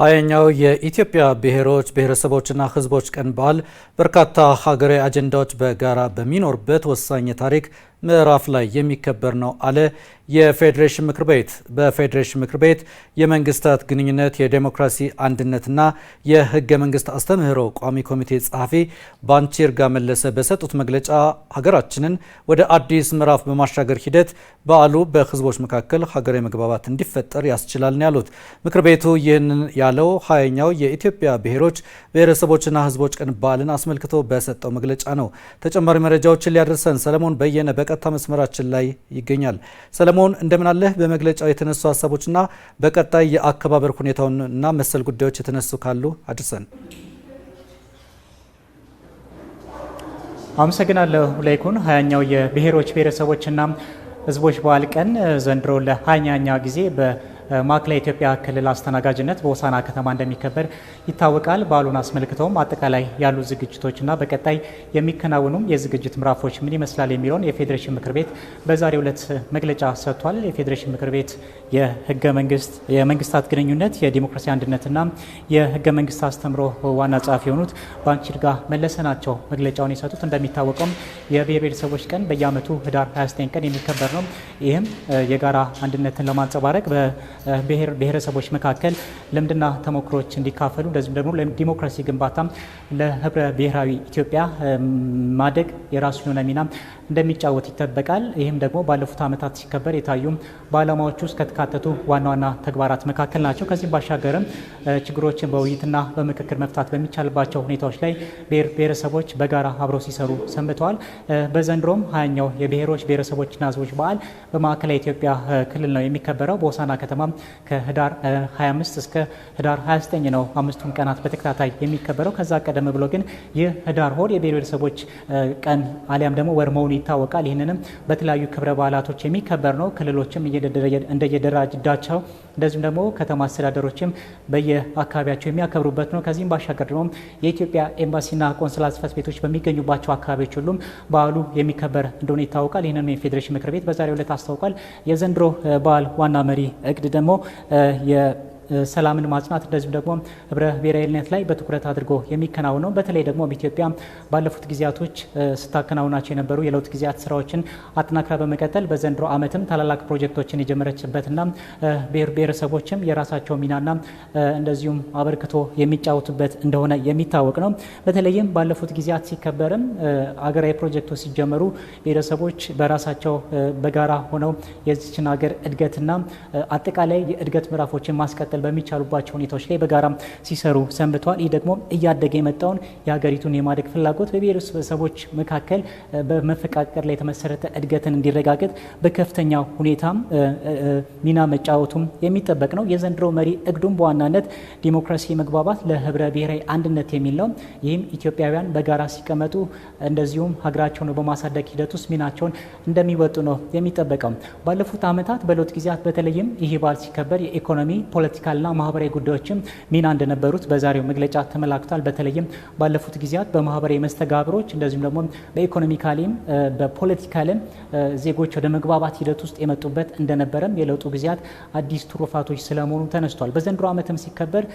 ሀያኛው የኢትዮጵያ ብሔሮች ብሔረሰቦችና ሕዝቦች ቀን በዓል በርካታ ሀገራዊ አጀንዳዎች በጋራ በሚኖርበት ወሳኝ ታሪክ ። ምዕራፍ ላይ የሚከበር ነው አለ የፌዴሬሽን ምክር ቤት። በፌዴሬሽን ምክር ቤት የመንግስታት ግንኙነት የዴሞክራሲ አንድነትና የህገ መንግስት አስተምህሮ ቋሚ ኮሚቴ ጸሐፊ ባንቺርጋ መለሰ በሰጡት መግለጫ ሀገራችንን ወደ አዲስ ምዕራፍ በማሻገር ሂደት በዓሉ በህዝቦች መካከል ሀገራዊ መግባባት እንዲፈጠር ያስችላል ነው ያሉት። ምክር ቤቱ ይህንን ያለው ሀያኛው የኢትዮጵያ ብሔሮች ብሔረሰቦችና ህዝቦች ቀን በዓልን አስመልክቶ በሰጠው መግለጫ ነው። ተጨማሪ መረጃዎችን ሊያደርሰን ሰለሞን በየነ በቀጥታ መስመራችን ላይ ይገኛል። ሰለሞን እንደምናለህ። በመግለጫው የተነሱ ሀሳቦችና በቀጣይ የአከባበር ሁኔታውንና መሰል ጉዳዮች የተነሱ ካሉ አድርሰን። አመሰግናለሁ ላይኩን። ሀያኛው የብሔሮች ብሔረሰቦችና ህዝቦች በዓል ቀን ዘንድሮ ለሀያኛ ጊዜ ማዕከላዊ ኢትዮጵያ ክልል አስተናጋጅነት በሆሳዕና ከተማ እንደሚከበር ይታወቃል። በዓሉን አስመልክተውም አጠቃላይ ያሉ ዝግጅቶችና በቀጣይ የሚከናወኑም የዝግጅት ምዕራፎች ምን ይመስላል የሚለውን የፌዴሬሽን ምክር ቤት በዛሬው ዕለት መግለጫ ሰጥቷል። የፌዴሬሽን ምክር ቤት የህገ መንግስት የመንግስታት ግንኙነት የዲሞክራሲ አንድነትና የህገ መንግስት አስተምሮ ዋና ጸሐፊ የሆኑት ባንቺርጋ መለሰ ናቸው መግለጫውን የሰጡት። እንደሚታወቀውም የብሔር ብሔረሰቦች ቀን በየዓመቱ ህዳር 29 ቀን የሚከበር ነው። ይህም የጋራ አንድነትን ለማንጸባረቅ ብሔር ብሔረሰቦች መካከል ልምድና ተሞክሮች እንዲካፈሉ እንደዚሁም ደግሞ ለዲሞክራሲ ግንባታም ለህብረ ብሔራዊ ኢትዮጵያ ማደግ የራሱ የሆነ ሚና እንደሚጫወት ይጠበቃል። ይህም ደግሞ ባለፉት ዓመታት ሲከበር የታዩ በዓላማዎች ውስጥ ከተካተቱ ዋና ዋና ተግባራት መካከል ናቸው። ከዚህም ባሻገርም ችግሮችን በውይይትና በምክክር መፍታት በሚቻልባቸው ሁኔታዎች ላይ ብሔር ብሔረሰቦች በጋራ አብረው ሲሰሩ ሰንብተዋል። በዘንድሮም ሀያኛው የብሔሮች ብሔረሰቦችና ህዝቦች በዓል በማዕከላዊ ኢትዮጵያ ክልል ነው የሚከበረው በሆሳና ከተማ ከህዳር 25 እስከ ህዳር 29 ነው አምስቱን ቀናት በተከታታይ የሚከበረው። ከዛ ቀደም ብሎ ግን ይህ ህዳር ሆድ የብሔረሰቦች ቀን አሊያም ደግሞ ወር መሆኑ ይታወቃል። ይህንንም በተለያዩ ክብረ በዓላቶች የሚከበር ነው። ክልሎችም እንደየደራጅዳቸው እንደዚሁም ደግሞ ከተማ አስተዳደሮችም በየአካባቢያቸው የሚያከብሩበት ነው። ከዚህም ባሻገር ደግሞ የኢትዮጵያ ኤምባሲና ቆንስላ ጽሕፈት ቤቶች በሚገኙባቸው አካባቢዎች ሁሉም በዓሉ የሚከበር እንደሆነ ይታወቃል። ይህንን የፌዴሬሽን ምክር ቤት በዛሬው ዕለት አስታውቋል። የዘንድሮ በዓል ዋና መሪ እቅድ ደግሞ ሰላምን ማጽናት እንደዚሁም ደግሞ ህብረ ብሔራዊነት ላይ በትኩረት አድርጎ የሚከናወነው ነው። በተለይ ደግሞ በኢትዮጵያ ባለፉት ጊዜያቶች ስታከናውናቸው የነበሩ የለውጥ ጊዜያት ስራዎችን አጠናክራ በመቀጠል በዘንድሮ ዓመትም ታላላቅ ፕሮጀክቶችን የጀመረችበትና ብሔር ብሔረሰቦችም የራሳቸው ሚናና እንደዚሁም አበርክቶ የሚጫወቱበት እንደሆነ የሚታወቅ ነው። በተለይም ባለፉት ጊዜያት ሲከበርም አገራዊ ፕሮጀክቶች ሲጀመሩ ብሔረሰቦች በራሳቸው በጋራ ሆነው የዚችን ሀገር እድገትና አጠቃላይ የእድገት ምዕራፎችን ማስቀጠል መቀጠል በሚቻሉባቸው ሁኔታዎች ላይ በጋራ ሲሰሩ ሰንብተዋል። ይህ ደግሞ እያደገ የመጣውን የሀገሪቱን የማደግ ፍላጎት በብሔረሰቦች መካከል በመፈቃቀር ላይ የተመሰረተ እድገትን እንዲረጋገጥ በከፍተኛ ሁኔታም ሚና መጫወቱም የሚጠበቅ ነው። የዘንድሮ መሪ እግዱም በዋናነት ዲሞክራሲ፣ መግባባት ለህብረ ብሔራዊ አንድነት የሚል ነው። ይህም ኢትዮጵያውያን በጋራ ሲቀመጡ እንደዚሁም ሀገራቸውን በማሳደግ ሂደት ውስጥ ሚናቸውን እንደሚወጡ ነው የሚጠበቀው። ባለፉት ዓመታት በለውጥ ጊዜያት በተለይም ይህ በዓል ሲከበር የኢኮኖሚ ፖለቲካ ና ማህበራዊ ጉዳዮችም ሚና እንደነበሩት በዛሬው መግለጫ ተመላክቷል። በተለይም ባለፉት ጊዜያት በማህበራዊ መስተጋብሮች እንደዚሁም ደግሞ በኢኮኖሚካሊም በፖለቲካልም ዜጎች ወደ መግባባት ሂደት ውስጥ የመጡበት እንደነበረም የለውጡ ጊዜያት አዲስ ትሩፋቶች ስለመሆኑ ተነስቷል። በዘንድሮ ዓመትም ሲከበር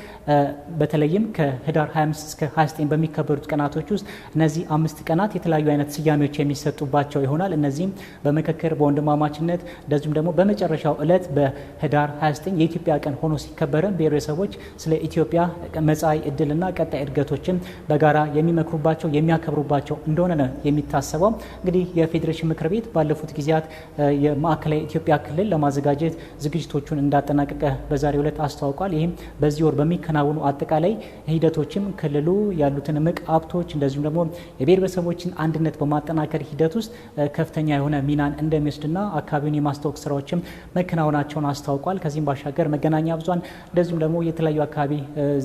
በተለይም ከህዳር 25 እስከ 29 በሚከበሩት ቀናቶች ውስጥ እነዚህ አምስት ቀናት የተለያዩ አይነት ስያሜዎች የሚሰጡባቸው ይሆናል። እነዚህም በምክክር በወንድማማችነት እንደዚሁም ደግሞ በመጨረሻው ዕለት በህዳር 29 የኢትዮጵያ ቀን ሆኖ ሲከ የተከበረ ብሔረሰቦች ስለ ኢትዮጵያ መጻኢ እድልና ቀጣይ እድገቶችን በጋራ የሚመክሩባቸው የሚያከብሩባቸው እንደሆነ ነው የሚታሰበው። እንግዲህ የፌዴሬሽን ምክር ቤት ባለፉት ጊዜያት የማዕከላዊ ኢትዮጵያ ክልል ለማዘጋጀት ዝግጅቶቹን እንዳጠናቀቀ በዛሬው ዕለት አስተዋውቋል። ይህም በዚህ ወር በሚከናወኑ አጠቃላይ ሂደቶችም ክልሉ ያሉትን እምቅ ሀብቶች እንደዚሁም ደግሞ የብሔረሰቦችን አንድነት በማጠናከር ሂደት ውስጥ ከፍተኛ የሆነ ሚናን እንደሚወስድና አካባቢውን የማስታወቅ ስራዎችም መከናወናቸውን አስታውቋል። ከዚህም ባሻገር መገናኛ ብዙኃን እንደዚሁም ደግሞ የተለያዩ አካባቢ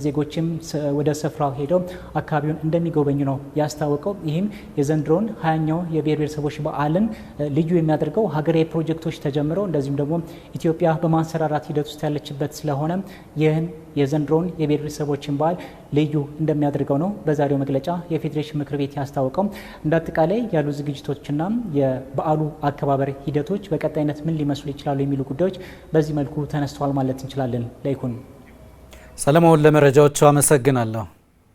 ዜጎችም ወደ ስፍራው ሄደው አካባቢውን እንደሚጎበኙ ነው ያስታወቀው። ይህም የዘንድሮውን ሀያኛው የብሔር ብሔረሰቦች በዓልን ልዩ የሚያደርገው ሀገራዊ ፕሮጀክቶች ተጀምረው እንደዚሁም ደግሞ ኢትዮጵያ በማንሰራራት ሂደት ውስጥ ያለችበት ስለሆነ ይህን የዘንድሮን የብሔረሰቦችን በዓል ልዩ እንደሚያደርገው ነው በዛሬው መግለጫ የፌዴሬሽን ምክር ቤት ያስታወቀው። እንደ አጠቃላይ ያሉ ዝግጅቶችና የበዓሉ አከባበር ሂደቶች በቀጣይነት ምን ሊመስሉ ይችላሉ የሚሉ ጉዳዮች በዚህ መልኩ ተነስተዋል ማለት እንችላለን። ላይኩን ሰለሞን፣ ለመረጃዎቹ አመሰግናለሁ።